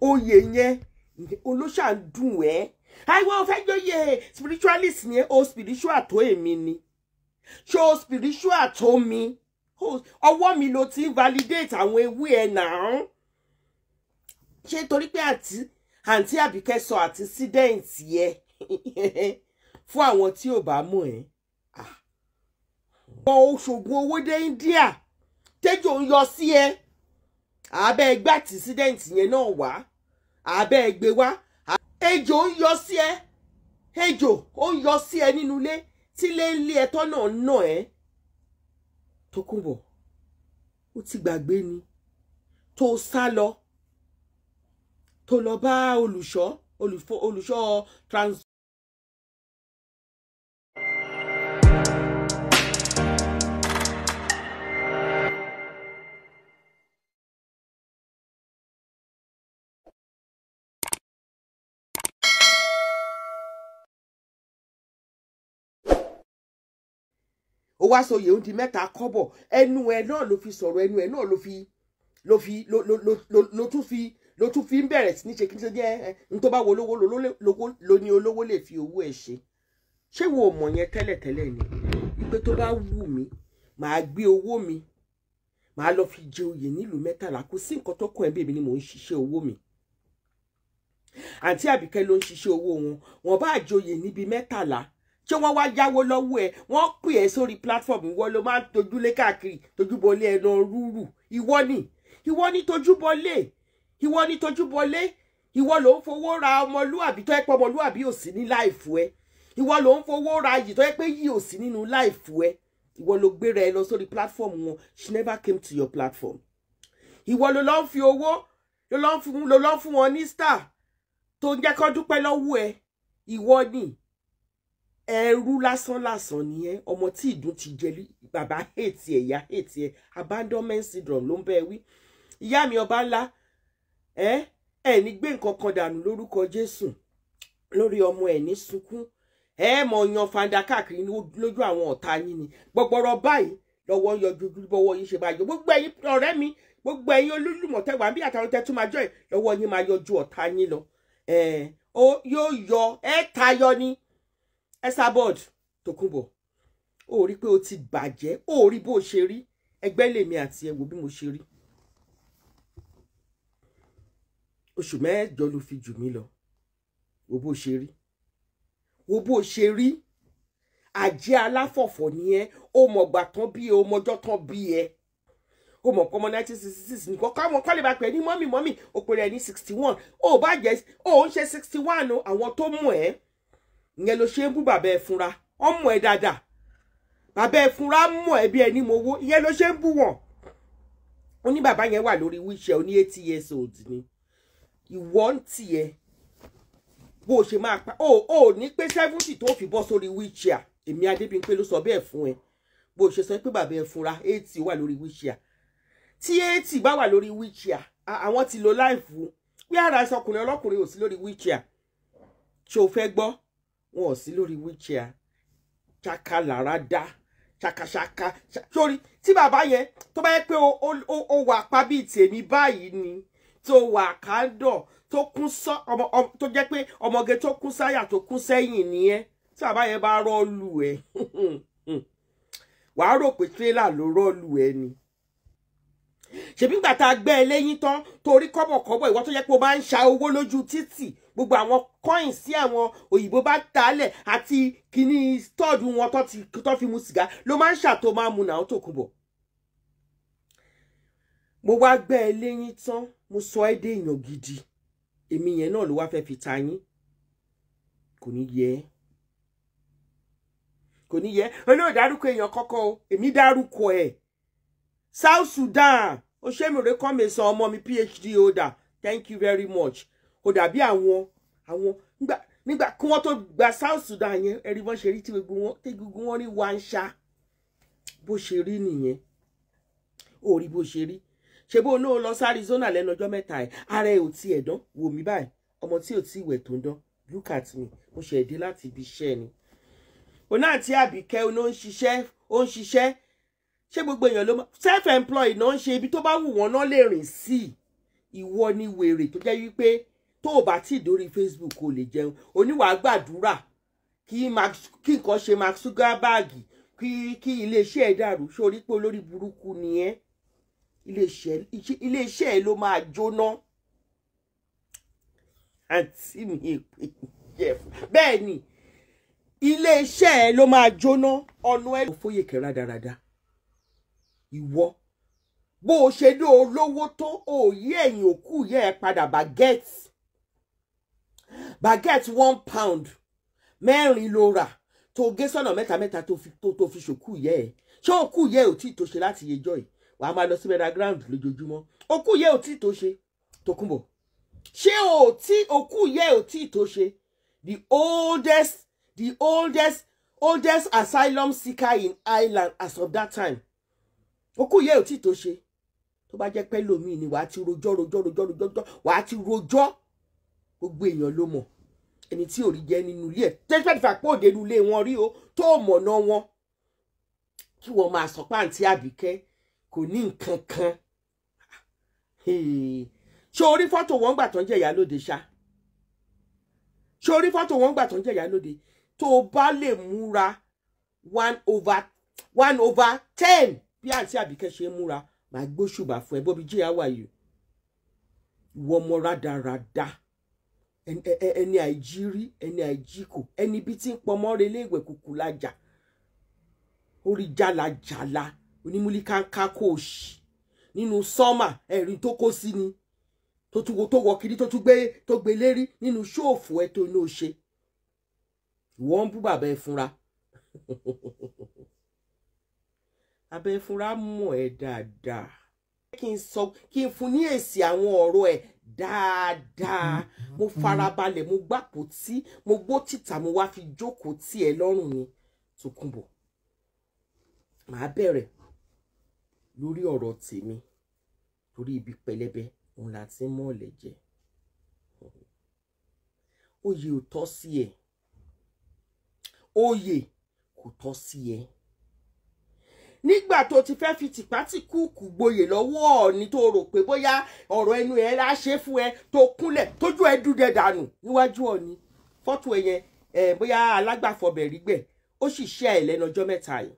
oyè yẹn olóṣà ń dùn ẹ́ àìwọ fẹ́ jóyè spiritualist ni o spiritual tó èmi ni ṣé o spiritual tó mi ọwọ́ mi ló ti validate àwọn ewé ẹ̀ náà ṣé torí pé àǹtí àǹtí àbíkẹ́ sọ àti sídẹ́ǹtì yẹ fún àwọn tí ò bá mọ̀ ẹ́ wọ́n ó ṣògùn owó dé India tẹ́jọ́ ń yọ sí ẹ àbẹ́ ẹgbẹ́ accident yẹn náà wá àbẹ́ ẹgbẹ́ wá ejò ń yọ sí ẹ ejò ó ń yọ sí ẹ nínú ilé tí ilé ilé ẹtọ́ náà nà ẹ́ Tókunbọ̀ ó ti gbàgbé ni tó sá lọ tó lọ bá olùṣọ́ olùṣọ́ trans ó wá sọ yẹ̀hún di mẹ́ta kọ́bọ̀ ẹnu ẹ náà ló fi sọ̀rọ̀ ẹnu ẹ náà ló fi ló fi ló tún fi ló tún fi ń bẹ̀rẹ̀ sí ní ṣe kí n ṣe jẹ́ ẹ n tó bá wo olówó ló ní fi owó ẹ̀ ṣe ṣé wo mọ̀ yẹn tẹ́lẹ̀tẹ́lẹ̀ ni wípé tó bá wù mí màá gbé owó mi màá lọ fi jẹ oyè nílùú mẹ́tàlá kò sí nǹkan tó kọ ẹ̀ bèbí ni mò ń ṣiṣẹ́ owó mi àǹtí àbíkẹ́ ló ń ṣiṣẹ́ owó wọn wọn bá àjọyè níbi mẹ́tàlá ṣé wọ́n wá yáwó lọ́wọ́ ẹ̀ wọ́n pè ẹ́ sórí platform ìwọ ló máa ń tojúlé káàkiri tojúbọlé ẹ̀nà rúrù ìwọ ni ìwọ ni tojúbọlé ìwọ ni tojúbọlé ìwọ ló ń fowó ra ọmọlúàbí tó ẹ pé ọmọlúàbí ò sí ní láìfù ẹ ìwọ ló ń fowó ra yìí tó ẹ pé yìí ò sí nínú láìfù ẹ ìwọ ló gbéra ẹ lọ sórí platform wọn she never came to your platform ìwọ ló lọ ń fi owó ló lọ ń fún wọn ní star tó ń jẹ́ kó dúpẹ́ lọ́wọ́ ẹ ìwọ ni ẹrú lásán lásán nìyẹn ọmọ tí ìdun ti jẹlí bàbá hate ẹ ìyá hate ẹ abandonment syndrome ló ń bẹ wí ìyá mi ọba ńlá ẹ ẹ ní gbé nǹkan kan dànù lórúkọ Jésù lórí ọmọ ẹ ní sunkún ẹ mọ yan fanda káàkiri lójú àwọn ọ̀tá yín ni gbọgbọrọ báyìí lọ́wọ́ yọjú bọ́wọ́ yín ṣe báyìí gbogbo ẹ̀yin ọ̀rẹ́ mi gbogbo ẹ̀yin olólùmọ̀tẹ́wà bí àtàwọn tẹ́tún máa jọ ẹ̀ lọ́wọ́ yín máa yọjú ọ̀tá yín lọ ó yóò yọ ẹ tayọ ni Esabod Tòkunbọ̀ ó rí pé ó ti bàjẹ́ ó rí bó ṣe rí ẹgbẹ́ lèmi àti ẹ bí mo ṣe rí oṣù mẹ́jọ ló fi jù mí lọ wo bó ṣe rí wo bó ṣe rí àjẹ́ aláfọ̀fọ̀ ni ẹ ó mọ̀gbà tán bí ẹ ó mọjọ́ tán bí ẹ ó mọ̀ pọ́mọ nineteen sixty six nìkan káwọn kọ́lé bá pẹ̀ ní mọ́mì mọ́mì ó pèrè ẹ̀ ní sixty one ó bá jẹ́ ó ń ṣe sixty one àwọn tó mú ẹ̀ ìyẹn ló ṣe ń bú bàbá ẹ fúnra wọn mọ̀ ẹ́ dáadáa bàbá ẹ fúnra mọ̀ ẹ́ bí ẹni mowó ìyẹn ló ṣe ń bú wọn ó ní bàbá yẹn wà lórí wheelchair ó eighty years old ni ìwọ ń tiẹ̀ bó o ṣe máa pa ó ò ní pé seventy tó fi bọ́ sórí wheelchair èmi Adébímpé ló sọ bẹ́ẹ̀ fún ẹ bó o ṣe sọ pé bàbá ẹ fúnra eighty wà lórí wheelchair tí eighty bá wà lórí wheelchair àwọn ti lo láìfù pé ara ẹsọkùnrin ọlọ́kùnrin ò sí lórí wheelchair ṣó fẹ́ gbọ́ wọn ò sí lórí wheelchair ṣaka lára dá ṣakaṣaka sórí tí bàbá yẹn tó bá yẹ pé ó wà pa bíi tèmi báyìí ni tó wà kándọ̀ tó kún sọ ọmọ tó jẹ́ pé ọmọge tó kún sáyà tó kún sẹ́yìn nìyẹn tí bàbá yẹn bá rọ́ọ̀lù ẹ̀ wàá rò pé tírélà ló rọ́ọ̀lù ẹ̀ ni ṣèbí gbàtà gbẹ́ ẹ lẹ́yìn tán torí kọ́bọ̀kọ́bọ̀ ìwọ tó yẹ pé o máa ń ṣa owó lójú títì gbogbo àwọn coins tí àwọn òyìnbó bá ta lẹ̀ àti kíní stọ́ọ̀dù wọn tó fi mu sìgá ló máa ń ṣàtò máa mu náà Tòkunbọ̀ mo wá gbẹ́ ẹ léyín tán mo sọ ẹ́ dé èèyàn gidi èmi yẹn náà ló wá fẹ́ fi ta yín kò ní yẹ ẹ́ kò ní yẹ olóò dárúkọ èèyàn kọ́kọ́ èmi dárúkọ ẹ̀ South Sudan ó ṣe mèrè ọmọ mi PhD holder thank you very much kò dàbí àwọn àwọn nígbà nígbà kí wọ́n tó gba South Sudan yẹn ẹ̀rí wọn ṣe rí tí gbogbo wọn tí gbogbo wọn rí wá ń ṣá bó ṣe rí nìyẹn ò rí bó ṣe rí ṣe bó náà lọ sí Arizona lẹ́nu ọjọ́ mẹ́ta ẹ̀ ara ẹ̀ ò ti ẹ̀ dán wò mí báyìí ọmọ tí ò tí ìwẹ̀ tó ń dán look at me mo ṣe dé láti ibi iṣẹ́ ni òun náà tí Àbíkẹ́ ó ń ṣiṣẹ́ ó ń ṣiṣẹ́ ṣé gbogbo èèyàn ló máa self-employed náà ń ṣe ibi tó bá wù wọ́n náà lè rìn sí ìwọ ni wèrè tó jẹ́ wípé tó o bá tíì dórí Facebook o lè jẹun oníwàá gbàdúrà kí nǹkan ṣe Mark Zuckerberg kí kí iléeṣẹ́ ẹ dàrú sórí pé olórí burúkú ni ẹ́ iléeṣẹ́ ẹ ló máa jóná àǹtí mi èpè yẹ ni iléeṣẹ́ ẹ ló máa jóná ọ̀nà ẹ. òfóyè kẹra dáradá ìwọ bó o ṣe dé olówó tó òòyì ẹ̀yìn òkú yẹ ẹ padà bá gẹ́ẹ̀tì But get one pound Mary Laura. To get gé sọ̀nà mẹ́ta mẹ́ta tó fi ṣòkú ìyẹ́ ẹ̀ ṣé òkú ìyẹ́ ẹ̀ ò tí ì tó ṣe láti yejọ́ ẹ̀ wàá máa lọ sí bẹ́ẹ̀ ground lójoojúmọ́ òkú ìyẹ́ ò tí ì tó ṣe Tókunbọ̀ ṣé òkú ìyẹ́ ẹ̀ ò tí ì tó the oldest the oldest oldest asylum seeker in Ireland as of that time Oku ye ẹ̀ ò To ì tó ṣe tó bá jẹ́ pẹ́ lómi ni wàá ti rojọ́ rojọ́ rojọ́ rojọ́ wàá ti rojọ́ gbogbo èèyàn ló mọ̀ ẹni tí ò rí jẹ nínú ilé ẹ tẹsípẹtì fàpọ òde nu ilé wọn rí o tó mọ̀nà wọn kí wọ́n máa sọ pàǹtí àbíkẹ́ kò ní nǹkan kan ṣé orí fọ́tò wọn gbà tó ń jẹ̀yà lóde ṣá ṣé orí fọ́tò wọn gbà tó ń jẹ̀yà lóde tó bá lè múra one over one over ten bí àǹtí àbíkẹ́ ṣe ń múra màá gbóṣùbà fún ẹ bóbi jíyà wà yìí rádaràda. Rada ẹni àìjírí ẹni àìjíkò ẹni bí tí ń pọmọ rẹ léèwẹ kùkù lájà orí jàlàjàlà onímúlíkàńká kò sí nínú sọ́mà ẹ̀rín tó kó sí ni tó tún wo tó wọ kiri tó tún gbé tó gbé lérí nínú ṣòfò ẹ tó ní o ṣe ìwọ ń bú bàbá ẹ fúnra abẹ fúnra mọ̀ ẹ́ dáadáa kí n sọ kí n fún ní èsì àwọn ọ̀rọ̀ ẹ dáadáa mo mm-hmm. farabalẹ̀ mo gbàpò tí mo gbó títà mo wá fi jókòó tì ẹ́ lọ́rùn ni Tókunbọ̀ màá bẹ̀rẹ̀ lórí ọ̀rọ̀ tèmi torí ibi pẹlẹbẹ òun là ti mọ̀ọ́lẹ̀ jẹ oyè ò tọ́ sí ẹ oyè kò tọ́ sí ẹ nígbà tó ti fẹ́ fi tìpátìkúùkù gboyè lọ́wọ́ ni tó rò pé bóyá ọ̀rọ̀ ẹnu ẹ̀ la ṣe fún ẹ tó kúnlẹ̀ tójú ẹ dúdẹ dànù níwájú ọ̀ọ́ni fọ́tò ẹ yẹn ẹ bóyá alágbàfọbẹ̀ rí gbẹ̀ ó sì ṣe ẹ lẹ́nu ọjọ́ mẹ́ta yìí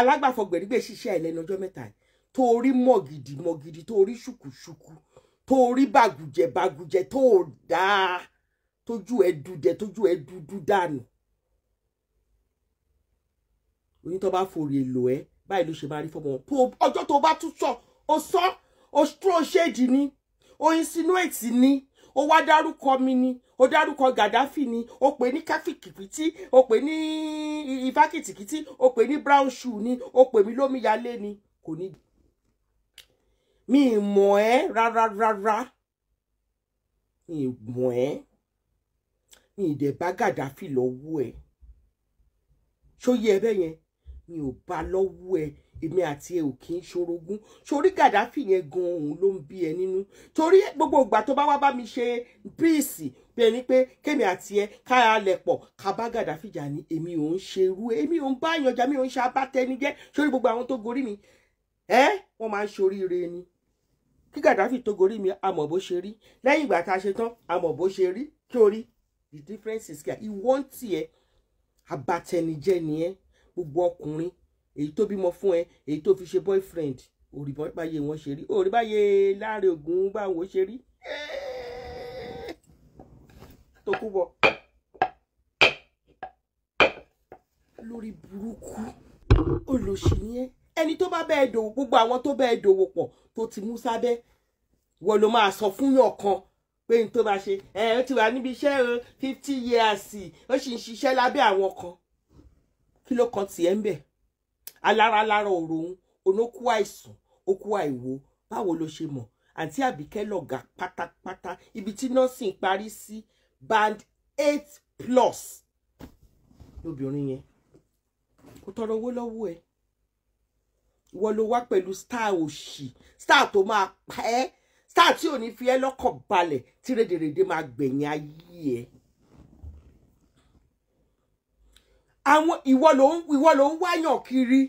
alágbàfọbẹ̀ rí gbẹ̀ sì ṣe ẹ lẹ́nu ọjọ́ mẹ́ta yìí tó rí mọ̀gìdì mọ̀gìdì tó rí ṣùkùṣùkù tó rí bàgùjẹ bàgùjẹ tó dáa tójú ẹ dúdẹ tójú ẹ dúdú dànù onítọ́ bá fòrè lò ẹ́ báyìí ló ṣe máa rí fọmọ wọn po ọjọ́ tó bá tún sọ o sọ o stró ṣéèdì ni o insinuate ni o wá dárúkọ mi ni o dárúkọ Gaddafi ni o pè ní káfíkìkìtì o pè ní ìfákìtìkìtì o pè ní brown shoe ni o pè mí lómiyalé ni kò ní. mi ì mọ̀ ẹ́ rárá rárá mi ì mọ̀ ẹ́ mi ì dẹ̀ bá Gaddafi lọ́wọ́ ẹ̀ ṣó yẹ bẹ́ẹ̀ yẹn mi ò bá lọ́wọ́ ẹ èmi àti ẹ ò kì í ṣorogún sórí gàdáfì yẹn gan òun ló ń bí ẹ nínú torí gbogbo ìgbà tó bá wá bá mi ṣe bíìsì bí ẹni pé kémi àti ẹ kára lẹ̀ pọ̀ ká bá gàdáfì jà ní èmi ò ń ṣe irú èmi ò ń bá àyànjá mi ò ń ṣe abátẹnijẹ́ sórí gbogbo àwọn tó gorí mi ẹ wọ́n máa ń ṣoríire ni kí gàdáfì tó gorí mi àmọ́ bó ṣe rí lẹ́yìn ìgbà tá a ṣe tán àmọ́ bó ṣe rí torí the difference is clear ìwọ́n tiẹ̀ abátẹnijẹ́ ni ẹ́ gbogbo ọkùnrin èyí tó bímọ fún ẹ èyí tó fi ṣe boyfriend òrì báyé wọn ṣe rí òrì báyé Láre Ògún báwo ṣe rí tó kú bọ lórí burúkú olóṣì ni ẹ ẹni tó bá bẹ́ẹ̀ dòwò gbogbo àwọn tó bẹ́ẹ̀ dòwò pọ̀ tó ti mú sábẹ́ wọ́n ló máa sọ fún yàn kan pé n tó bá ṣe ẹ ó ti wà níbi iṣẹ́ fifty years ó sì ń ṣiṣẹ́ lábẹ́ àwọn kan kí ló kan tiẹ̀ ń bẹ̀ alára lára ọ̀rọ̀ òun onókú àìsàn okú àìwo báwo ló ṣe mọ̀ àǹtí àbíkẹ́ lọ̀gá pátápátá ibi tí nursing parí sí band eight plus lóbìnrin yẹn kò tọrọ owó lọ́wọ́ ẹ̀ ìwọ ló wá pẹ̀lú star òṣì star tó máa pa ẹ́ star tí ò ní fi ẹ́ lọ́kàn balẹ̀ tí rédèrèdè máa gbẹ̀yìn ayé ẹ̀ àwọn ìwọ ló ń ìwọ ló ń wáyàn kiri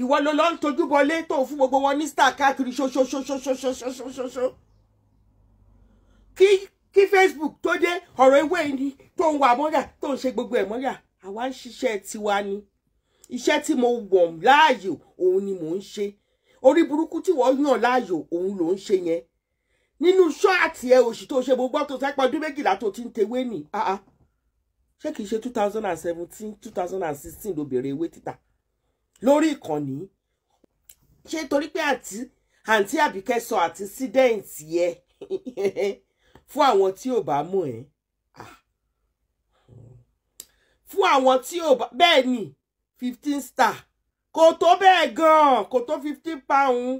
ìwọ ló lọ ń tojú bọlé tó fún gbogbo wọn ní star káàkiri ṣoṣoṣoṣoṣoṣoṣoṣo kí kí Facebook tó dé ọ̀rọ̀ ewé ni tó ń wà mọ́yà tó ń ṣe gbogbo ẹ̀ mọ́yà àwa ń ṣiṣẹ́ tiwa ni iṣẹ́ tí mo wọ̀n láàyò òun ni mò ń ṣe orí burúkú tí wọ́n yàn láàyò òun ló ń ṣe yẹn nínú ṣọ́ọ̀tì ẹ òṣì tó ṣe gbogbo tó sẹ́pọ̀ ọdún méjìlá tó ti ń tewé nì ṣé kìí ṣe two thousand and seventeen two thousand and sixteen ló bẹ̀rẹ̀ ewé títà lórí ìkànnì ṣé torí pé àǹtí àǹtí àbíkẹ́ sọ àti sídẹ́ǹtì yẹ fún àwọn tí ò bá mọ̀ ẹ́ fún àwọn tí ò bá bẹ́ẹ̀ ni fifteen star kò tó bẹ́ẹ̀ gan-an kò tó fifteen pound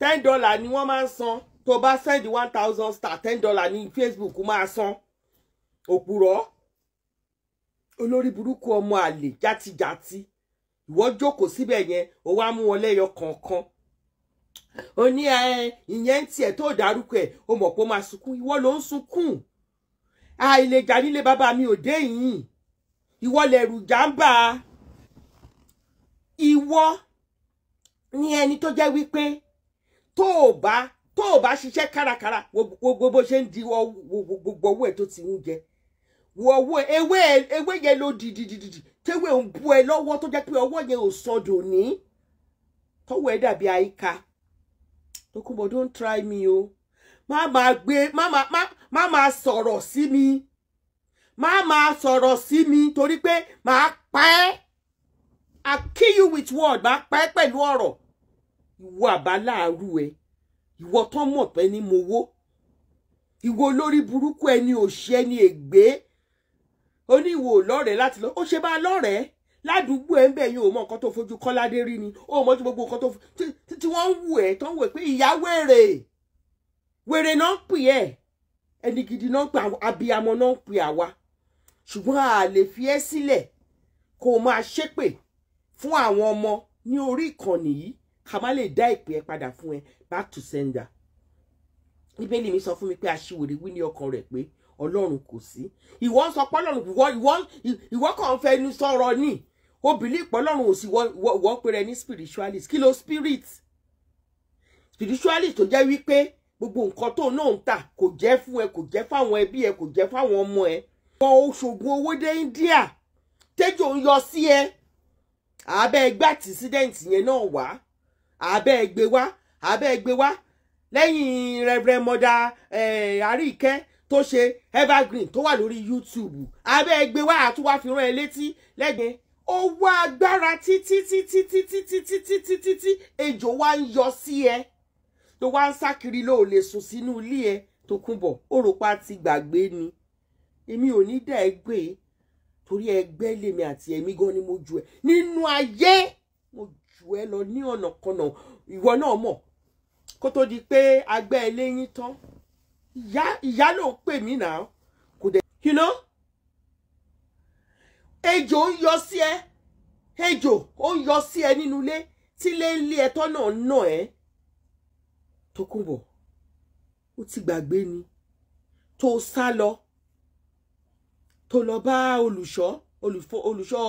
ten dollar ni wọ́n máa ń san tó bá send one thousand star ten dollar ni Facebook máa san òpùrọ́ olórí burúkú ọmọ àlè játijáti ìwọ jókòó síbẹ̀ yẹn ó wá mú wọn lẹ́yọ kọ̀ọ̀kan ó ní ìyẹn ń tiẹ̀ tó dárúkọ ẹ̀ ó mọ̀ pé ó máa sunkún ìwọ ló ń sunkún àìlèjà nílé bàbá mi ò dé yìí ìwọ lẹ̀rù jàǹbá ìwọ ni ẹni tó jẹ́ wípé tó o bá tó o bá ṣiṣẹ́ gbogbo bó ṣe ń di gbogbo owó ẹ̀ tó ti ń wo owó ewé ewé yẹn ló di di di di tewé ń bu ẹ lọ́wọ́ tó jẹ́ pé ọwọ́ yẹn to sọdò ní tọ́wọ́ ẹ dàbí àyíká Tókunbọ̀ don't try me o má máa gbé má máa má máa sọ̀rọ̀ sí mi má máa sọ̀rọ̀ sí mi torí pé màá pa ẹ́ I kill you with word ma pa ẹ́ pẹ̀lú ọ̀rọ̀ ìwọ àbáláàrú ẹ ìwọ tán mọ̀ pé ní mo wó ìwọ lórí burúkú ẹni òṣì ẹni ègbé ó ní ìwò lọ́rẹ̀ẹ́ láti lọ ó ṣe bá lọ́rẹ̀ẹ́ ládùúgbò ẹ̀ ń bẹ̀ yín ò mọ nǹkan tó fojú kọ́ládé rí ni ó mọ ju gbogbo nǹkan tó tí wọ́n ń wù ẹ̀ tó ń wù ẹ̀ pé ìyá wèrè wèrè náà ń pè ẹ̀ ẹni gidi náà ń pè abiyamọ náà ń pè àwa ṣùgbọ́n a lè fi ẹ́ sílẹ̀ kó o máa ṣépè fún àwọn ọmọ ní orí ìkànnì yìí ká má lè dá ìpè ẹ padà fún ẹ back to sender bíbélì mi sọ fún mi pé aṣiwèrè wí ní ọkàn rẹ̀ pé ọlọ́run kò sí ìwọ sọ pé ọlọ́run ìwọ ìwọ ìwọ kàn fẹ́ ẹnu sọ̀rọ̀ ni o believe pé ọlọ́run ò sí ìwọ péré ní spiritualist kí ló spirit spiritualist tó jẹ́ wípé gbogbo nǹkan tó náà ń tà kò jẹ́ fún ẹ kò jẹ́ fáwọn ẹbí ẹ kò jẹ́ fáwọn ọmọ ẹ wọ oṣogun owó dé India tẹ́jọ́ ń yọ sí ẹ àbẹ́ ẹgbẹ́ àtìsídẹ́ǹtì yẹn náà wá àbẹ́ ẹgbẹ́ wá àbẹ́ ẹgbẹ́ wá lẹ́yìn rẹ̀rẹ̀mọ̀dà àríkẹ́ eh, tó ṣe evergreen tó wà lórí youtube abẹ́ ẹgbẹ́ wa àti wá fi rán ẹ létí lẹ́gbẹ̀ẹ́ ó wá agbára títí títí títí títí títí títí ejò wa ń yọ sí ẹ tó wá ń sá kiri ló lè sùn sínú ilé ẹ tó kún bọ̀ ó rò pa ti gbàgbé ni èmi ò ní dá ẹ gbé e torí ẹgbẹ́ lèmi àti ẹ̀mí gan ni mo jù ẹ nínú ayé mo jù ẹ lọ ní ọ̀nà kan ìwọ náà mọ̀ kó tó di pé agbẹ́ ẹ léyìn tán ìyá ìyá ló pè mí náà kò dé you know ejò ń yọ sí ẹ ejò ó ń yọ sí ẹ nínú ilé tí ilé ń lé ẹtọ náà nà ẹ Tókunbọ̀ ó ti gbàgbé ni tó sá lọ tó lọ bá olùṣọ́ olùṣọ́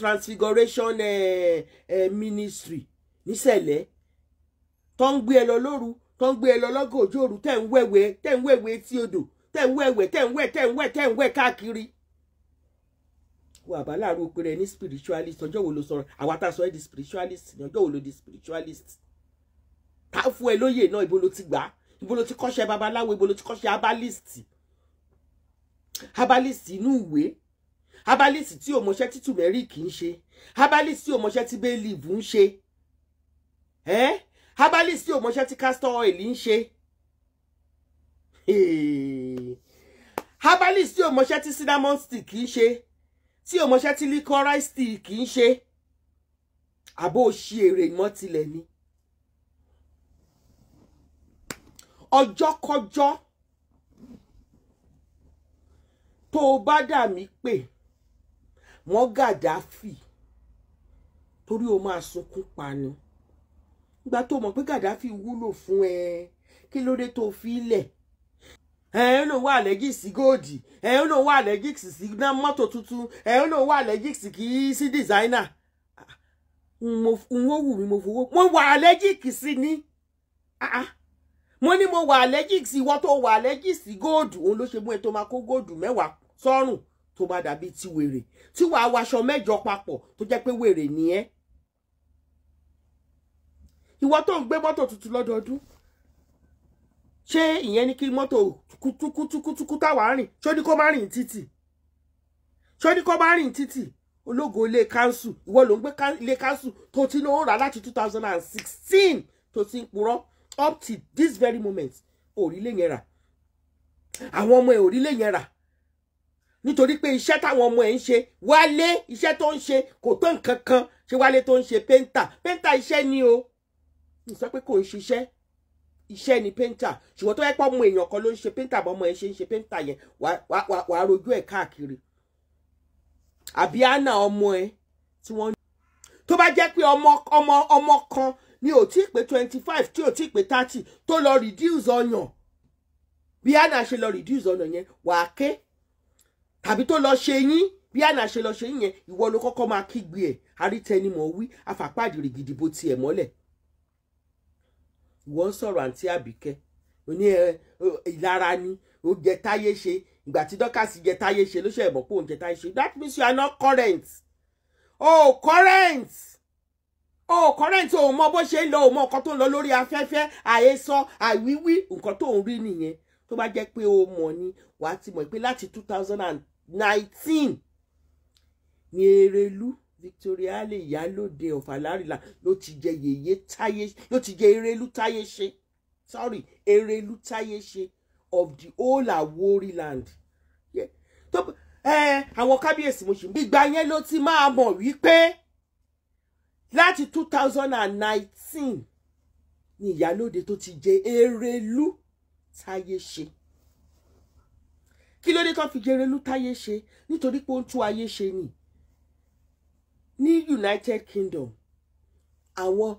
transfiguration eh, eh, ministry nísẹ̀lẹ̀ tó ń gbé ẹ lọ lóru tó ń gbé ẹ lọ lọ́gọ̀ ojú òru tẹ̀ ń wẹ̀wẹ̀ tẹ̀ ń wẹ̀wẹ̀ etí odò tẹ̀ ń wẹ̀wẹ̀ tẹ̀ ń wẹ̀ tẹ̀ ń wẹ̀ tẹ̀ ń wẹ̀ káàkiri. wà spiritualist ọjọ́ wo ló sọ̀rọ̀ àwa tá a di spiritualist ní ọjọ́ wo ló di spiritualist. ká fún ẹ lóyè náà ibo ló ti gbà á ibo ló ti kọ́ṣẹ́ babaláwo ibo ló ti kọ́ṣẹ́ herbalist herbalist inú ìwé herbalist tí òmọṣẹ́ títù mẹ́rì kì í ṣe herbalist tí òmọṣẹ́ tí bẹ́ẹ̀ lìbù ń eh? herbalist ò mọṣẹ́ tí castor oil ń ṣe herbalist ò mọṣẹ́ tí cinnamon stick ń ṣe tí ò mọṣẹ́ tí licorice stick ń ṣe àbó ṣí èrè mọ́ ni ọjọ́ tó o bá dà mí pè wọ́n gàdáfì torí o máa sunkún pa ni ìgbà tó mọ̀ pé Gaddafi wúlò fún ẹ kí ló dé tó fi lẹ̀ ẹ̀ẹ́n ló wà allergic sí góòdì ẹ̀ẹ́n ló wà allergic sí ná mọ́tò tuntun ẹ̀ẹ́n ló wà allergic sí kì í sí designer n ó wù mí mo fowó mo wà allergic sí ni ah, ah. mo ní mo wà allergic sí ìwọ tó wà allergic sí góòdù òun ló ṣe mú ẹ tó máa kó góòdù mẹ́wàá sọ́rùn tó bá dàbí ti wèrè tí wàá waṣọ mẹ́jọ papọ̀ tó jẹ́ pé wèrè nìyẹn ìwọ tó ń gbé mọ́tò tuntun lọ́dọọdún ṣé ìyẹn ni kí mọ́tò kútukútukútukú táwa rìn ṣó ní kó má rìn títì ṣó ní kó má rìn títì ológo ilé kanṣu ìwọ ló ń gbé ilé kanṣu tó ti ní ó rà láti two thousand and sixteen tó ti ń purọ́ up to this very moment òrìlé yẹn rà àwọn ọmọ ẹ òrìlé yẹn rà nítorí pé iṣẹ́ táwọn ọmọ ẹ̀ ń ṣe wálé iṣẹ́ tó ń ṣe kò tó nǹkan kan ṣe wálé tó ń ṣe péńtà péńtà iṣẹ́ ni o n sọ pé kò ń ṣiṣẹ́ iṣẹ́ ni painter ṣùgbọ́n tó yẹ pé ọmọ èèyàn kan ló ń ṣe painter bọ́ ọmọ ẹ̀ ṣe ń ṣe painter yẹn wàá rojú ẹ̀ káàkiri àbí àna ọmọ ẹ tí wọ́n. tó bá jẹ́ pé ọmọ ọmọ ọmọ kan ni ò tí ì pé twenty five tí ò tí ì pé thirty tó lọ reduce ọyàn bí àna ṣe lọ reduce ọyàn yẹn wàá ké tàbí tó lọ ṣe yín bí àná ṣe lọ ṣe yín yẹn ìwọ ló kọ́kọ́ máa kígbe ẹ̀ arítẹnimọ̀ wí afàpáàdì rìgìdì tiẹ̀ mọ́lẹ̀ wọ́n sọ̀rọ̀ àǹtí àbíkẹ́ oní ìlara ni ó jẹ táyé ṣe ìgbà tí dọ́kàsì jẹ táyé ṣe ló ṣe ẹ̀bọ̀ pé òun jẹ táyé ṣe that means you are not current oh current oh current òun mọ bó ṣe ń lọ òun mọ nǹkan tó ń lọ lórí afẹ́fẹ́ àhesọ àwíwí nǹkan tó ń rí nìyẹn tó bá jẹ́ pé o mọ̀ ni wàá ti mọ̀ pé láti two thousand and nineteen ni Erelu Victoria alẹ ìyálòde of Alárìlà ló ti jẹ yèyé táyé ló ti jẹ erelu táyé ṣe sorry erelu táyé ṣe of the whole Awori land tó ẹ àwọn kábíyèsí mo ṣe mú. ìgbà yẹn ló ti máa mọ̀ wípé láti two thousand and nineteen ni ìyálòde tó ti jẹ erelu táyé ṣe kí ló dé tó fi jẹ erelu táyé ṣe nítorí pé ó ń tú ayé ṣe ni ní United Kingdom àwọn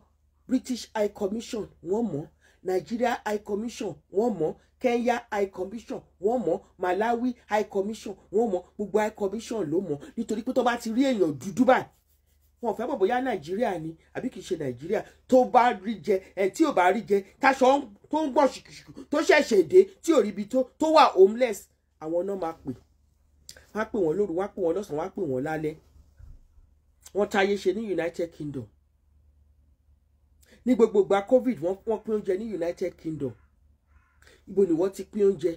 British High Commission wọ́n mọ̀ Nigeria High Commission wọ́n mọ̀ Kenya High Commission wọ́n mọ̀ Malawi High Commission wọ́n mọ̀ gbogbo High Commission ló mọ̀ nítorí pé tó bá ti rí èèyàn dúdú báyìí wọn fẹ́ mọ̀ bóyá nàìjíríà ni àbí kìí ṣe nàìjíríà tó bá rí jẹ ẹ tí ò bá rí jẹ táṣọ tó ń gbọ̀n ṣìkìṣìkì tó ṣẹ̀ṣẹ̀ dé tí ò ríbi tó tó wà homeless àwọn náà máa pè wọ́n á pè wọ́n lóru wọ́n á pè wọ́n lọ́sàn-án wọ́n á pè wọ́n lálẹ́ wọ́n táyé ṣe ní United Kingdom ní gbogbo ìgbà COVID wọ́n pín oúnjẹ ní United Kingdom ibo ni wọ́n ti pín oúnjẹ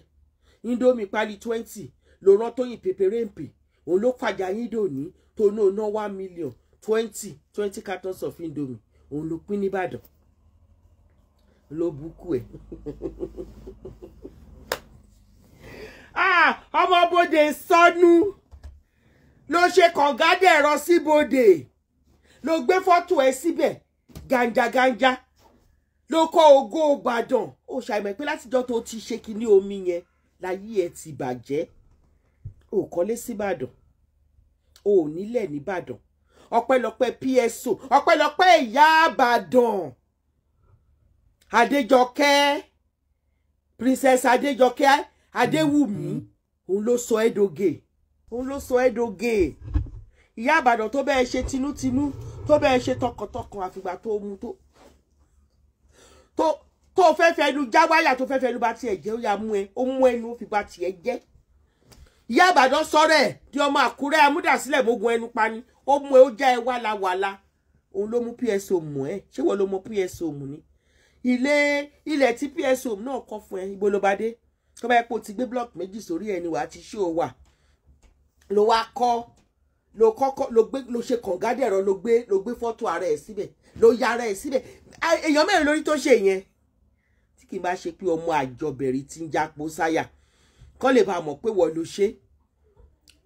Indomie pálí twenty ló rán Tóyìn pèpèrèǹpè òun ló fàjà yín dòní tó ná ná one million twenty twenty cartons of Indomie òun ló pín nìbàdàn ló bukú ẹ. Ah! ọmọ bòde sọnù ló ṣe kọ̀ǹgádẹ́ ẹ̀rọ síbodè ló gbé fọ́tò ẹ síbẹ̀ gàǹjàgàǹjà ló kọ́ ògo ìbàdàn ó ṣàìmọ̀ pé látijọ́ tó ti ṣe kinní omi yẹn láyé ẹ ti bàjẹ́ ò kọ́lé síbàdàn ò nílẹ̀ níbàdàn ọpẹ́lọpẹ́ pso ọpẹ́lọpẹ́ ìyá àbàdàn adéjọkẹ́ princess adéjọkẹ́ adéwùmí mm-hmm. òun ló sọ ẹ́ dògè òun ló sọ ẹ́dọ̀gẹ̀ ìyá àbàdàn tó bẹ́ẹ̀ ṣe tinútinú tó bẹ́ẹ̀ ṣe tọkàntọkàn àfìgbà tó mu tó tó fẹ́ fẹ́ ẹnu já wáyà tó fẹ́ fẹ́ ẹnu bá tiẹ̀ jẹ́ ó yà mú ẹ ó mú ẹnu ó fi bá tiẹ̀ jẹ́ ìyá àbàdàn sọ̀rọ̀ di ọmọ àkúrẹ́ amúdàsílẹ̀ mógun ẹnu pani ó mú ẹ ó já ẹ wálawàla òun ló mú pso mú ẹ ṣé wọ́n ló mọ pso mú ni ilé ilẹ̀ tí pso náà kọ́ fún ẹ ibo ló bá dé tó bá yẹ kó o ti gbé blọọkì méjì sórí ẹni wàá ti ṣó o wà ló wá kọ́ ló kọ́kọ́ ló gbé ló ṣe kọ̀ǹgádẹ̀rọ ló gbé ló gbé fọ́tò ara ẹ̀ e síbẹ̀ ló ya ara ẹ̀ e síbẹ̀ èèyàn mẹ́rin lórí tó ṣe yẹn tí kì í bá ṣe pé ọmọ àjọbẹ̀rì ti ń jápọ̀ sáyà kọ́ lè bá mọ̀ pé wọ́n ló ṣe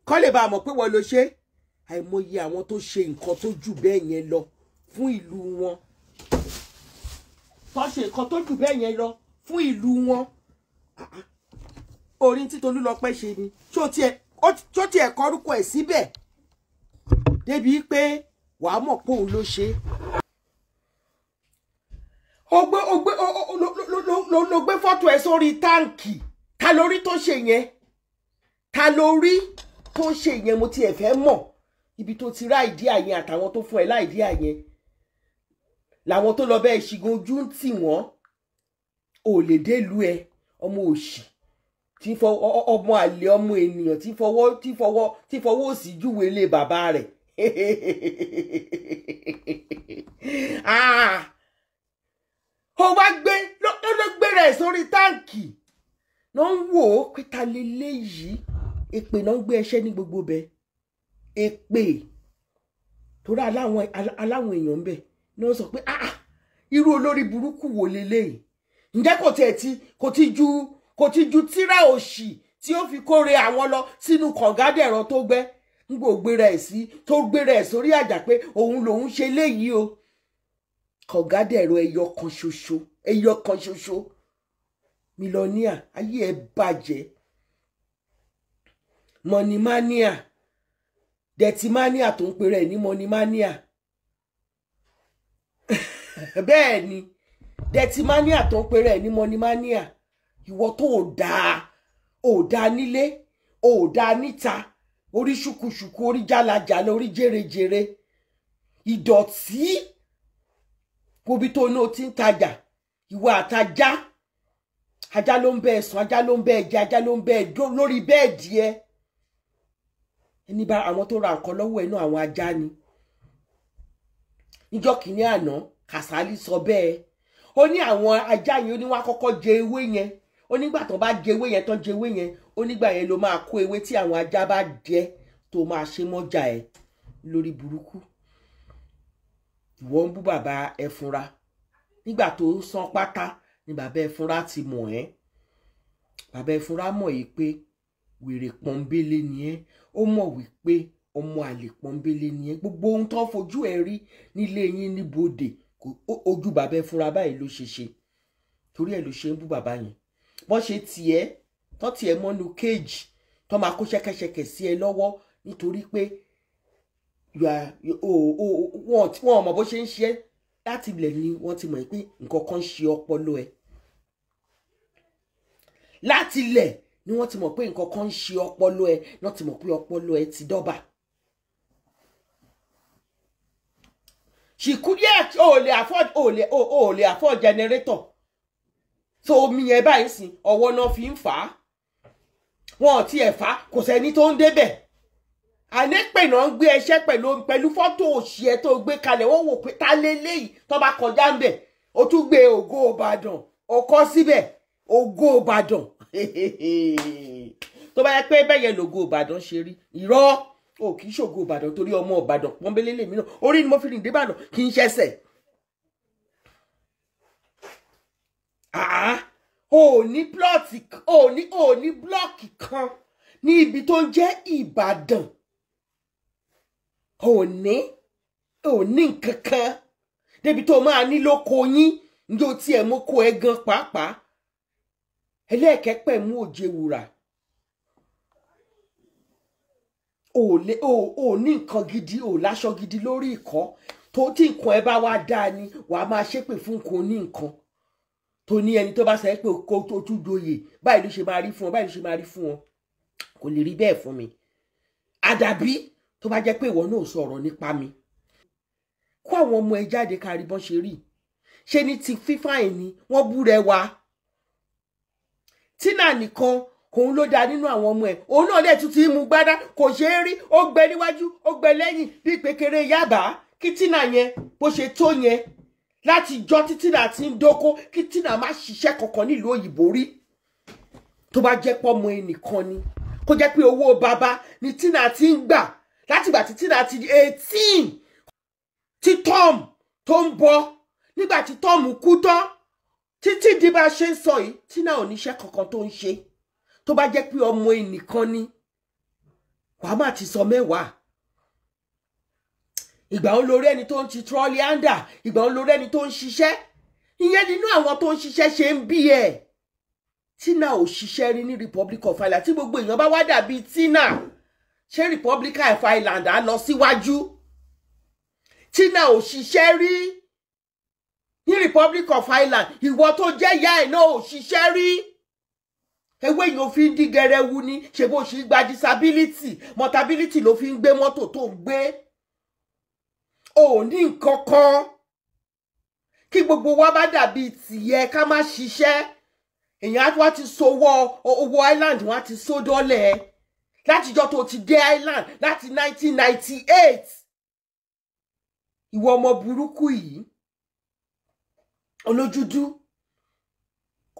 kọ́ lè bá mọ̀ pé wọ́n ló ṣe àìmọye àwọn tó ṣe nǹkan tó jù bẹ́ẹ̀ yẹn lọ fún ìlú wọn tó ṣe nǹkan tó jù bẹ́ẹ̀ yẹn lọ fún ìlú wọn orin tí Tolúlọpẹ́ ṣe ni ṣó tiẹ̀ ó tó tiẹ̀ kọ orúkọ ẹ̀ síbẹ̀ débi pé wàá mọ̀ pé òun ló ṣe ó gbé ó gbé ló gbé fọ́tò ẹ̀ sórí táǹkì ta ló rí tó ṣe yẹn ta ló rí tó ṣe yẹn mo tiẹ̀ fẹ́ mọ̀ ibi tó ti ra ìdí àyẹn àtàwọn tó fún ẹ láìdí àyẹn làwọn tó lọ bẹ́ẹ̀ ṣìgun ojú ń tì wọ́n ò lè délùú ẹ ọmọ òṣì tí fọwọ́ ọmọ àlè ọmọ ènìyàn tí fọwọ́ tí fọwọ́ tí fọwọ́ òsì júwe ilé bàbá rẹ̀ ah! ó wá gbé ló gbé rẹ̀ sórí táǹkì ló ń No wo pé ta leléyìí èpè náà ń gbé ẹṣẹ́ ní gbogbo bẹ́ẹ̀ èpè torí aláwọn aláwọn èèyàn ń bẹ náà sọ pé ah, ah, irú olórí burúkú wò leléyìí ǹjẹ́ kò tiẹ̀ ti kò ti ju kò ti ju tírà òṣì tí ó fi kóre àwọn lọ sínú kọ̀gádẹ̀rọ tó gbẹ́ ń gbò gbéra ẹ̀ sí tó gbéra ẹ̀ sórí àjà pé òun lòun ṣe léyìí o kọ̀gádẹ̀rọ ẹyọ kan ṣoṣo ẹyọ kan ṣoṣo mílíọ̀nìà ayé ẹ bàjẹ́ mọ̀nìmáníà detimania tó ń pèrè ní mọ̀nìmáníà bẹ́ẹ̀ ni dẹ̀tímáníà tó ń pèrè ní mọ̀nìmáníà ìwọ tó da, dáa ò dáa nílé ò dáa níta orí ṣùkùṣùkù orí jálajàlẹ orí jèrèjèrè ìdọ̀tí gbobi tó ní o ti ń tajà ìwọ àtajá ajá ló ń bẹ ẹsùn ajá ló ń bẹ ẹjẹ ajá ló ń bẹ ẹjọ lórí bẹ́ẹ̀dì ẹ ẹni bá àwọn tó ra nǹkan lọ́wọ́ ẹ náà àwọn ajá ni níjọ́ kìíní àná Kàsálí sọ bẹ́ẹ̀ ó ní àwọn ajá yẹn ó ní wọ́n á jẹ ewé yẹn ó nígbà tó bá jẹ ewé yẹn tó jẹ ewé yẹn ó nígbà yẹn ló máa kó ewé tí àwọn ajá bá jẹ tó máa ṣe mọ́jà ẹ lórí burúkú ìwọ ń bú bàbá ẹ fúnra nígbà tó san pátá ni bàbá ẹ fúnra ti mọ̀ ẹ́ bàbá ẹ fúnra yìí pé wèrè pọ́nbélé ni ẹ́ ó mọ̀ wípé ọmọ àlè pọ́nbélé ni ẹ́ gbogbo ohun tó fojú ẹ rí nílé yín níbodè ojú bàbá ẹ báyìí ló ṣe ṣe torí ẹ ló ṣe ń bú bàbá yẹn bọ́n ṣe tiẹ̀ tán tiẹ̀ mọ́nu kéèjì tán máa kó ṣẹ́kẹ́ṣẹkẹ̀ sí ẹ lọ́wọ́ nítorí pé wọn mọ̀ bó ṣe ń ṣe láti ilẹ̀ ni wọ́n ti mọ̀ pé nǹkan kan ṣe ọpọlọ ẹ láti ilẹ̀ ni wọ́n ti mọ̀ pé nǹkan kan ń ṣe ọpọlọ ẹ náà ti mọ̀ pé ọpọlọ ẹ ti dọ́bà. ṣìkúrí ẹ̀ ò lè afford ò afford generator so omi yẹn báyìí sìn ọwọ́ náà fi ń fà á wọn ò tiẹ̀ fà á kò sẹ́ni tó ń débẹ̀ ànépè náà ń gbé ẹṣẹ́ pẹ̀lú pẹ̀lú fọ́tò òṣì ẹ tó gbé kalẹ̀ wọ́n wò pé ta lélẹ́yìí tó bá kọjá ń bẹ̀ ó tún gbé ògo ìbàdàn ó kọ síbẹ̀ ògo ìbàdàn tó bá yẹ pé bẹ́yẹn lògo ìbàdàn ṣe rí irọ́ ò kì í ṣògo ìbàdàn torí ọmọ ìbàdàn pọ́nbélé lèmi náà orí ni mo fi rìn dé ìbàdàn kì í ṣẹ̀ṣẹ̀ Ah, ò ní plọ́ọ̀tì ò ní ò ní blọ́ọ̀kì kan ní ibi tó ń jẹ́ Ìbàdàn ò ní ò ní kan débi tó máa ní lóko yín ní o tiẹ̀ mọ́ kó ẹ gan pàápàá ẹlẹ́ẹ̀kẹ́pẹ̀ mú òjé wùrà ò lè ò ò ní nǹkan gidi ò láṣọ gidi lórí ìkọ́ tó tí nǹkan ẹ bá wá dáa ni wàá máa ṣépè fún nǹkan oní nǹkan tó ní ẹni tó bá sọ pé kó tó tún doyè báyìí ló ṣe máa rí fún ọ báyìí ló ṣe máa rí fún ọ kò lè rí bẹ́ẹ̀ fún mi àdàbí tó bá jẹ́ pé ìwọ náà sọ̀rọ̀ nípa mi kó àwọn ọmọ ẹ jáde kárí bọ́n ṣe rí ṣe ni ti fífá ẹ̀ ni wọ́n búrẹ́ wa tínà nìkan òun ló da nínú àwọn ọmọ ẹ òun náà lè tún ti mú gbádá kò ṣeé rí ó gbẹ níwájú ó gbẹ lẹ́yìn bí pékeré yábàá kí tínà yẹn bó ṣe tó yẹn láti jọ títí náà ti ń dóko kí tí náà má ṣiṣẹ́ kankan nílùú òyìnbó rí tó bá jẹ́ pọ́mọ ẹnìkan ni kó jẹ́ pé owó bàbá ni tí náà ti ń gbà láti ìgbà tí tí náà ti eighteen tí tom tó ń bọ̀ nígbà tí tom kú tán títí di bá a ṣe ń sọ yìí tí náà ò níṣẹ́ kankan tó ń ṣe tó bá jẹ́ pé ọmọ ẹnìkan ni wàá má ti sọ mẹ́wàá ìgbà ń lórí ẹni tó ń ti trọ́lì áńdà ìgbà ń lórí ẹni tó ń ṣiṣẹ́ ìyẹn nínú àwọn tó ń ṣiṣẹ́ ṣe ń bí ẹ̀ tina ò ṣiṣẹ́ rí ní Republic of Ireland tí gbogbo èèyàn bá wá dàbí tina ṣé Republic of Ireland á lọ síwájú tina ò ṣiṣẹ́ rí ní Republic of Ireland ìwọ tó jẹ́ ìyá ẹ̀ náà ò ṣiṣẹ́ rí ewé yìí ó fi ń dí gẹrẹwu ni ṣe bó ṣe gba disability mortability ló fi ń gbé mọ́tò tó ń gbé ò ní nǹkan kan kí gbogbo wa bá dàbí tìyẹ ká má ṣiṣẹ́ èèyàn wá ti sowọ́ owó island wá ti so dọ́lẹ̀ látijọ́ tó ti dé island láti 1998 ìwọ ọmọ burúkú yìí olójúdú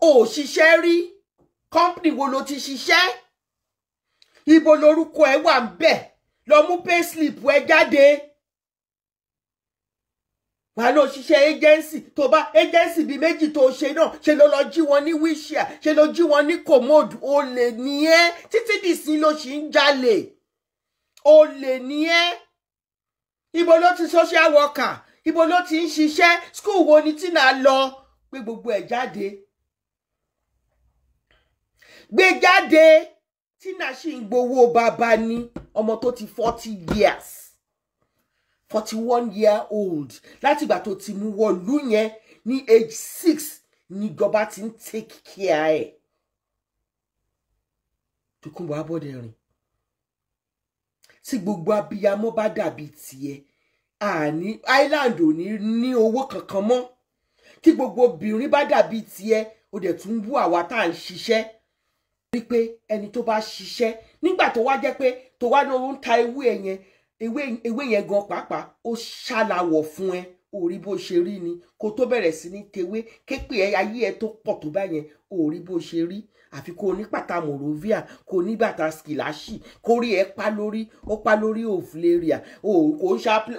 ò ṣiṣẹ́ rí kọ́ńpìnì wo ló ti ṣiṣẹ́ ibo lorúkọ ẹ wà ń bẹ̀ lọ mú payslip ẹ jáde wàá lọ ṣiṣẹ́ agency tó bá agency bíi méjì tó ṣe náà ṣe ló lọ jí wọn ní wíṣíà ṣe ló jí wọn ní commode o lè ní ẹ títí dìsín ló ṣì ń jalè o lè ní ẹ ibo ló ti social worker ibo ló ti ń ṣiṣẹ́ school wo ni tí náà lọ gbé gbogbo ẹ̀ jáde gbé jáde tí náà ṣì ń gbowó bàbá ni ọmọ tó ti forty years forty one year old látìgbà tó ti mú wọlú yẹn ní age six níjọba ti ń take care ẹ̀ abode Abọ́dẹ̀rìn tí gbogbo abiyamọ bá dàbí tiẹ̀ àní island ò ní ní owó kankan mọ́ tí gbogbo obìnrin bá dàbí tiẹ̀ ó dẹ̀ tún wú àwa tá à ń ṣiṣẹ́ wípé ẹni tó bá ṣiṣẹ́ nígbà tó wá jẹ́ pé tó wá ní òun ta ewé ẹ̀ yẹn ewé ewé yẹn gan pàápàá ó ṣàlàwọ̀ fún ẹ òrí bó ṣe rí ni kó tó bẹ̀rẹ̀ sí ní tewé képè ẹ ayé ẹ tó pọ̀ tó báyẹn òrí bó ṣe rí àfi kó ní pàtà morovia kó ní bàtà skilashi kó rí ẹ pa lórí ó pa lórí ovularia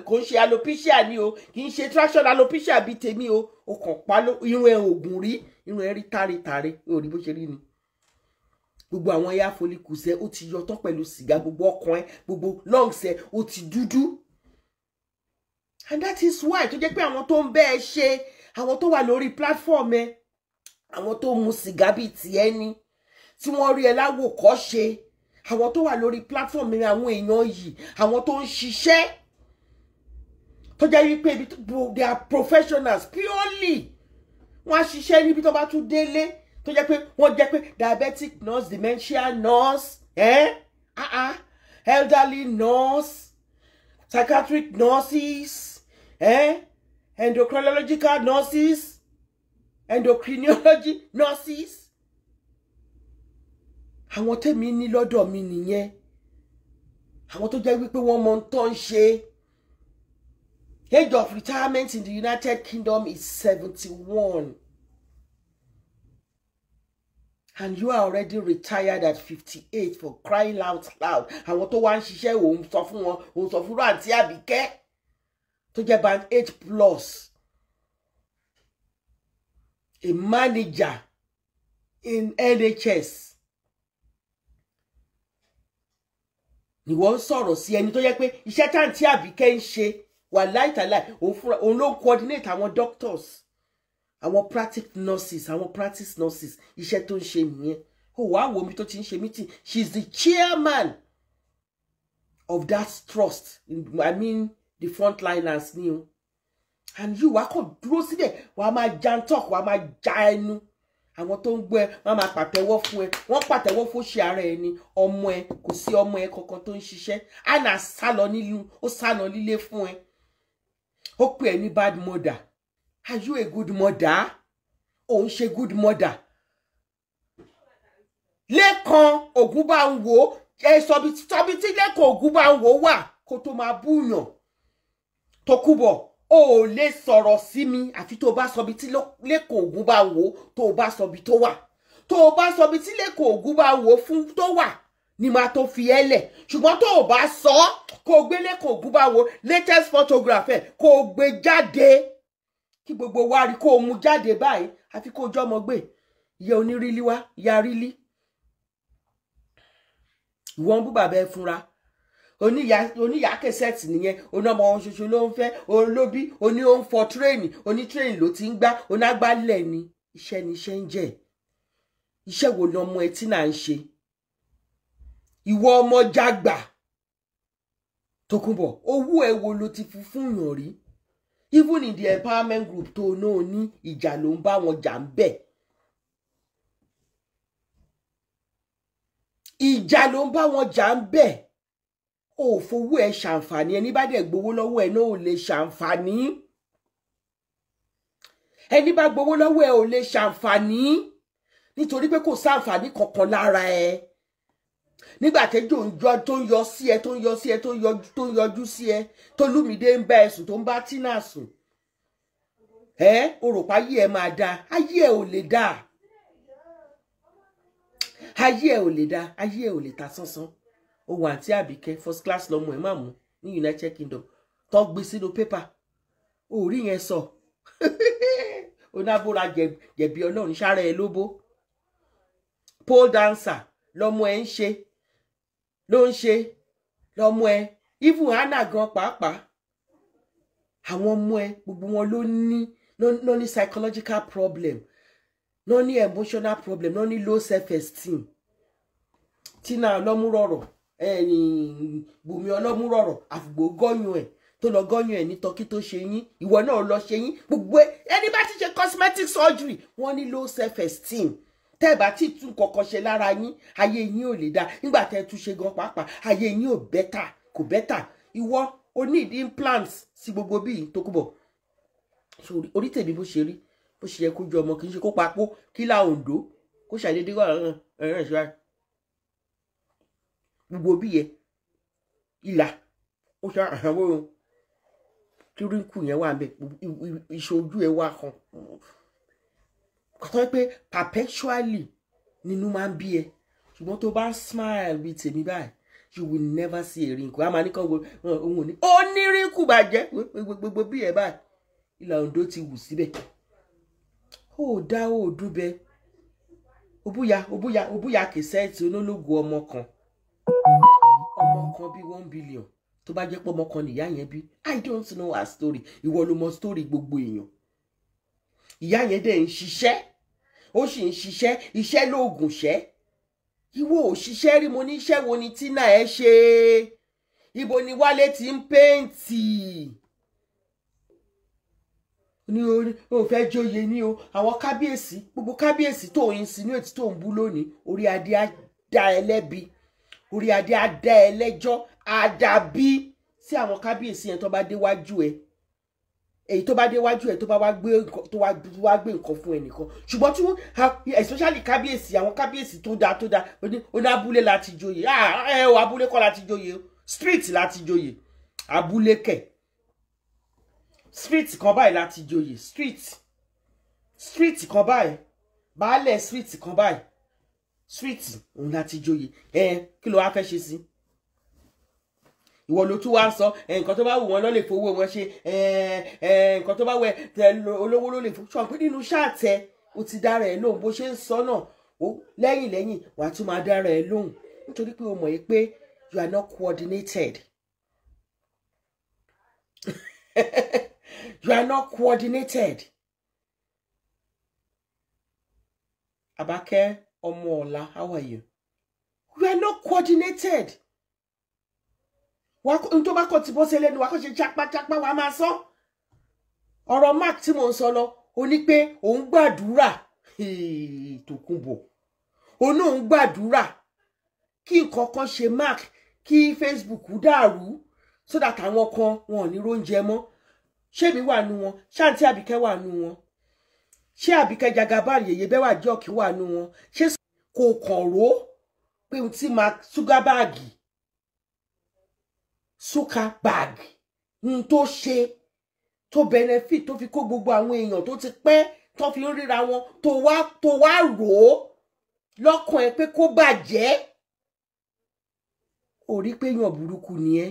kò ń ṣe alopecia ni o kì í ṣe traction alopecia bíi tèmi o ó kàn pa irun ẹ ògùn rí irun ẹ rí tárítàrí òrí bó ṣe rí ni gbogbo àwọn ẹyà folikùsẹ ó ti yọtọ pẹ̀lú sìgá gbogbo ọkàn ẹ gbogbo lọǹsẹ ó ti dúdú and that is why tó jẹ́ pé àwọn tó ń bẹ ẹ ṣe àwọn tó wà lórí platform ẹ àwọn tó mu sìgá bíi tiẹ ni tí wọ́n rí ẹ láwòkọ́ṣe àwọn tó wà lórí platform ẹ àwọn èèyàn yìí àwọn tó ń ṣiṣẹ́ tó jẹ́ wípé they are professionals purely wọ́n á ṣiṣẹ́ níbi tó bá tún délé tó jẹ́ pé wọ́n jẹ́ pé diabetic nurse dementia nurse eh? Ah ah, elderly nurse psychiatric nurses eh? endocrinological nurses endocrinology nurses àwọn tèmi ní lọ́dọ̀ mi nìyẹn àwọn tó jẹ́ wípé wọ́n mọ ohun tó ń ṣe age of retirement in the United Kingdom is seventy-one and you are already retired at fifty eight for crying out loud àwọn tó wá ń ṣiṣẹ́ òun sọ fún wọn òun sọ fún àǹtí àbíkẹ́ tó jẹ́ band eight plus a manager in NHS ni wọ́n ń sọ̀rọ̀ sí ẹni tó yẹ pé iṣẹ́ táǹtí àbíkẹ́ ń ṣe wà láìtàláì òun ló ń coordinate àwọn doctors àwọn practice nurses àwọn practice nurses iṣẹ́ tó ń ṣe nìyẹn ó wàá wo omi tó ti ń ṣe meeting she is the chairman of that trust i mean the frontliners ni o and you wàá kàn dúró síbẹ̀ wàá máa jantok wàá máa ja ẹnu àwọn tó ń gbọ́ ẹ wọ́n máa pàtẹ́wọ́ fún ẹ wọ́n pàtẹ́wọ́ fún ṣe ara ẹ ni ọmọ ẹ kò sí ọmọ ẹ kankan tó ń ṣiṣẹ́ àná sálọ nílùú ó sálọ nílé fún ẹ ó pè ẹ ní bad mother are you a good mother ò she ṣe good mother lẹ́kan ògúnbáwò ẹ sọbi tí sobiti ògúnbáwò wà kó tó máa búyàn tó kú bọ̀ o ò lè sọ̀rọ̀ sí mi àfi tó o bá sọbi tí lẹ́kan ògúnbáwò tó o bá sọbi tó wà tó o bá sọbi tí lẹ́kan ògúnbáwò fún tó wà ni máa tó fi ẹ́ lẹ̀ ṣùgbọ́n tó o bá sọ kó o gbé latest photographer. ẹ̀ kó o kí gbogbo wa rí kó o mú jáde báyìí àfi kó o jọmọ gbé ìyá onírílí wá ìyá rílí ìwọ ń bú bàbá ẹ fúnra oníyà kẹsẹ̀tì nìyẹn onímọ̀ ohun ṣoṣo ló ń fẹ́ olóbí oní ó ń fọ tírèènì oní tírèènì ló ti ń gbá onágbálẹ̀ ni iṣẹ́ ni iṣẹ́ ń jẹ́ iṣẹ́ wo ni ọmọ ẹ tí náà ń ṣe ìwọ ọmọ jágbà Tókunbọ̀ owó ẹ wo ló ti fi fún yàn rí even in the empowerment group tó náà ní ìjà ló ń bá wọn jà ń bẹ̀. ìjà ló ń bá wọn jà ń bẹ̀ ò fowó ẹ ṣàǹfààní ẹni bá dẹ̀ gbowó lọ́wọ́ ẹ náà ò lè ṣàǹfààní ẹni bá gbowó lọ́wọ́ ẹ ò lè ṣàǹfààní nítorí pé kò sáǹfààní kankan lára ẹ. E nígbà tẹjọ ń jọ tó ń yọ sí ẹ tó ń yọ sí ẹ tó ń yọjú sí ẹ tó lùmídé ń bá ẹ sùn tó ń bá tínà sùn ẹ o rò pa ayé ẹ máa dáa ayé ẹ ò lè dáa ayé ẹ ò lè dáa ayé ẹ ò lè ta sánsán o wà àǹtí àbíkẹ́ first class lọmọ ẹ má mú ní United Kingdom tó gbé sínú pépà orí yẹn sọ onábóra jẹ̀bi Ọlọ́run sára ẹ lóbó pole dancer lọmọ ẹ ń ṣe ló ń ṣe lọ́mọ ẹ even hannah gan pàápàá àwọn ọmọ ẹ gbogbo wọn ló ní ló ní psychological problem ló ní emotional problem ló ní low self esteem tina ọlọ́múrọ̀rọ̀ bùnmi ọlọ́múrọ̀rọ̀ àfùgbò gọ́yùn ẹ̀ tó lọ gọ́yàn ẹ̀ ní tọ́kí tó ṣe yín ìwọ náà lọ ṣe yín gbogbo ẹni bá ti ṣe cosmetic surgery wọ́n ní low self esteem tẹ́ ẹ̀ bá ti tún kọ̀kọ̀ ṣe lára yín ayé yín ò lè dáa nígbà tẹ́ ẹ tún ṣe gan pàápàá ayé yín ò bẹ́tà kò bẹ́tà ìwọ o need implants sí gbogbo bíi tó kú bọ̀ orí tèmi bó ṣe rí bó ṣe yẹ kó ju ọmọ kì í ṣe kó papò kí la òǹdó kó ṣàdédé wà rán ẹ̀rọ ìṣúra gbogbo bí yẹ ìlà ó ṣe àwọn ohun tí yẹn wà bẹ ìṣojú ẹ wà kan kọ́tọ́ pé perpetually nínú máa ń bí ẹ ṣùgbọ́n tó bá smile bíi tèmi báyìí you will never see a wrinkle a máa ní kàn wo ohun òní ó ní wrinkle bàjẹ́ gbogbo bí ẹ báyìí ìlà òǹdó ti wù síbẹ̀ ó dá ó dúbẹ òbúya òbúya òbúya kìsẹ́ẹ̀tì olólùgùn ọmọ kan ọmọ kan bíi one billion tó bá jẹ́ pé ọmọ kan nìyá yẹn bí i don't know her story ìwọ ló mọ story gbogbo èèyàn ìyá yẹn dẹ̀ ń ṣiṣẹ́ ó sì ń ṣiṣẹ́ iṣẹ́ lóògùn ṣẹ́ ìwọ ò ṣiṣẹ́ rí mo ní wo ni Tina ẹ ṣe ibo ni Wálé ti ń péǹtì ní orí ò fẹ́ jóye ní o àwọn kábíyèsí gbogbo kábíyèsí tó ń insinuate tó ń bú lónìí orí adé á dá ẹ lẹ́bi orí adé á dá ẹ lẹ́jọ́ àdàbí sí àwọn kábíyèsí yẹn tó bá déwájú ẹ èyí tó bá déwájú ẹ tó bá wá gbé tó wá gbé nǹkan fún ẹnìkan ṣùgbọ́n tí wọ́n especially kábíyèsí àwọn kábíyèsí tó dáa tó dáa oní abúlé láti joyè ah, ah, ẹ o abúlé kọ́ láti joyè o street láti joyè abúlé kẹ̀ street kan báyìí láti joyè street street kan báyìí baálẹ̀ street kan báyìí street òun láti joyè ẹ kí ló wá fẹ́ ṣe sí i ìwọ ló tún wá sọ nǹkan tó bá wù wọn lọ fowó wọn ṣe nǹkan tó bá wẹ olówó ló lè fowó ṣọ pé nínú ṣáàtẹ o ti dára ẹ lóhùn bó ṣe ń sọ náà ó lẹ́yìn lẹ́yìn wàá tún máa dára ẹ lóhùn nítorí pé o mọ̀ yìí pé you are not coordinated you are not coordinated Abake Ọmọọlá how are you you are not coordinated n tó bá kọ ti bó ṣe lẹ́nu wa kó ṣe jápájápá wa máa sọ ọ̀rọ̀ mark tí mò ń sọ lọ pe o pé òun gbàdúrà Tòkunbọ̀ òun náà ń gbàdúrà kí nǹkan kan mark kí Facebook dàrú so that àwọn kan wọn ò ní róúnjẹ mọ́ ṣébi wà nù wọn ṣáǹtì Àbíkẹ́ wà nù wọn ṣé Àbíkẹ́ Jagaban yèyé bẹ́wà jọ́ọ̀kì wà nù wọn ṣé kò kàn ró pé ohun tí máa ṣúgá báàgì Zuckerberg n tó ṣe tó benefit tó fi kó gbogbo àwọn èèyàn tó ti pẹ́ tó fi ń ríra wọn tó wá tó wá rò ó lọ́kàn ẹ pé kó bàjẹ́ ò rí pé èèyàn burúkú ni ẹ́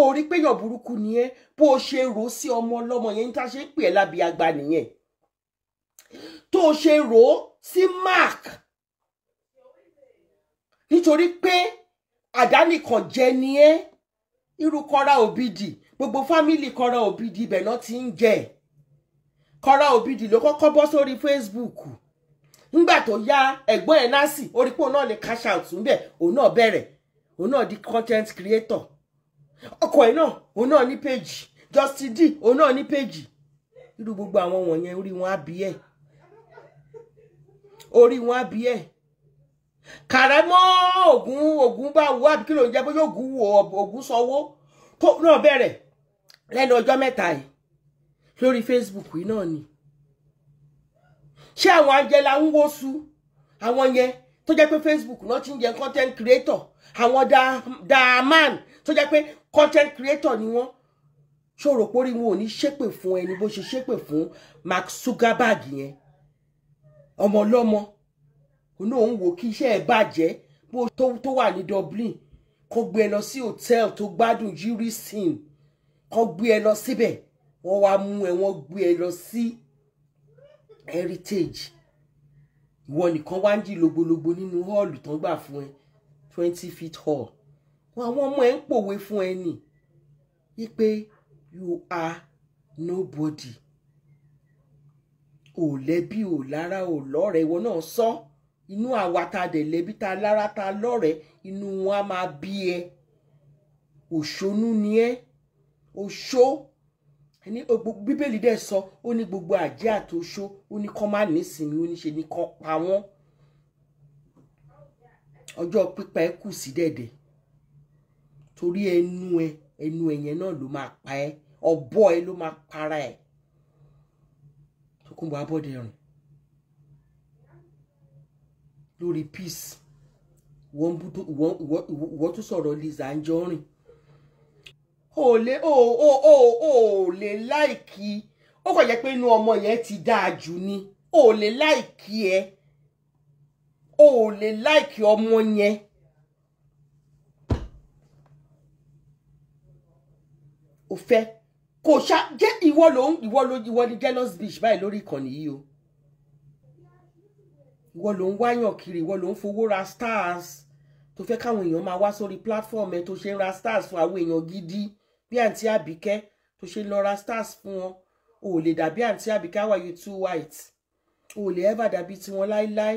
ó rí pé èèyàn burúkú ni ẹ́ bó o ṣe rò ó sí ọmọ ọlọ́mọ yẹn níta ṣe ń pè ẹ́ lábí agba nìyẹn tó o ṣe rò ó sí Mark nítorí pé. àdánìkan jẹ ni ẹ irú Kọ́ra Òbìdì gbogbo fámìlì kọra obidi ibẹ̀ náà ti ń jẹ kọra Òbìdì ló kọ́kọ́ bọ́ sórí Facebook ńgbà tó yá ẹ̀gbọ́n ẹ̀ násì orí pé òun náà ní cash out ń bẹ̀ òun náà bẹ̀rẹ̀ òun náà di content creator ọkọ ẹ náà òun náà ní page Justin D òun náà ní page irú gbogbo àwọn wọ̀nyẹn orí wọn á bí orí wọn á bí ẹ̀ kàrẹ́mọ́ ògún ògún bá wo àbí kí ló ń jẹ́ bóyá ògún wo ògún sanwó tó náà bẹ̀rẹ̀ lẹ́nu ọjọ́ mẹ́ta yìí lórí Facebook yìí náà ni ṣé àwọn Angela ń wóṣù àwọn yẹn tó jẹ́ pé Facebook náà ti ń content creator da daaman tó jẹ́ pe content creator ni wọ́n ṣòro pórí wọn ò ní ṣépè fún ẹni bó ṣe ṣépè fún Mark Zuckerberg yẹn ọmọ ọlọ́mọ òun náà ń wò kí iṣẹ́ ẹ̀ bàjẹ́ bó tó wà ní Dublin kó gbé ẹ lọ sí hòtẹ́ẹ̀lì tó gbádùn jirisin kó gbé ẹ lọ síbẹ̀ wọ́n wá mú ẹ wọ́n gbé ẹ lọ sí heritage ìwọ nìkan wá ń jí logbologbo nínú họ́ọ̀lù tán gbà fún ẹ twenty feet hall àwọn ọmọ ẹ ń pòwe fún ẹ nì wípé you are nobody ò lẹ́bí ò lára ò lọ́rẹ̀ ìwọ náà sọ. So inú àwa ta dẹ̀ lẹ́bí ta lára ta lọ́rẹ̀ẹ́ inú wọn á máa bí ẹ òṣónú ni ẹ òṣó ní bíbélì dẹ̀ sọ ó ní gbogbo àjẹ́ àtòṣó ó ní kán má nísìnyí ó ní ṣe ní kán pa wọ́n ọjọ́ pípa ẹ kù sí dẹ̀dẹ̀ torí ẹnu ẹ ẹnu ẹ náà ló máa pa ẹ ọ̀bọ ẹ ló máa para ẹ Tókunbọ̀ Abọ́dẹrìn lórí peace ìwọ́n tún sọ̀rọ̀ Lizzy Anjorin o lè o o o o lè láìkí ó kàn jẹ́ pé inú ọmọ yẹn ti dáa jù ni o lè láìkí ẹ o lè láìkí ọmọ yẹn. o fẹ́ kò ṣá jẹ́ ìwọ ló ń ìwọ ló ìwọ ni jealous bitch báyìí lórí ìkànnì yìí o ìwọ ló ń wáyàn kiri ìwọ ló ń fowó ra stars tó fẹ́ káwọn èèyàn máa wá sórí platform ẹ tó ṣe ra stars fún àwọn èèyàn gidi bí àǹtí àbíkẹ́ tó ṣe lọ ra stars fún wọn o ò lè dàbí àǹtí àbíkẹ́ àwàyè two white o ò lè ever dàbí tiwọn láéláé.